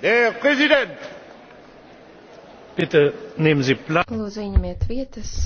Der Präsident! Bitte nehmen Sie Platz. Lūdzu, ieņemiet vietas.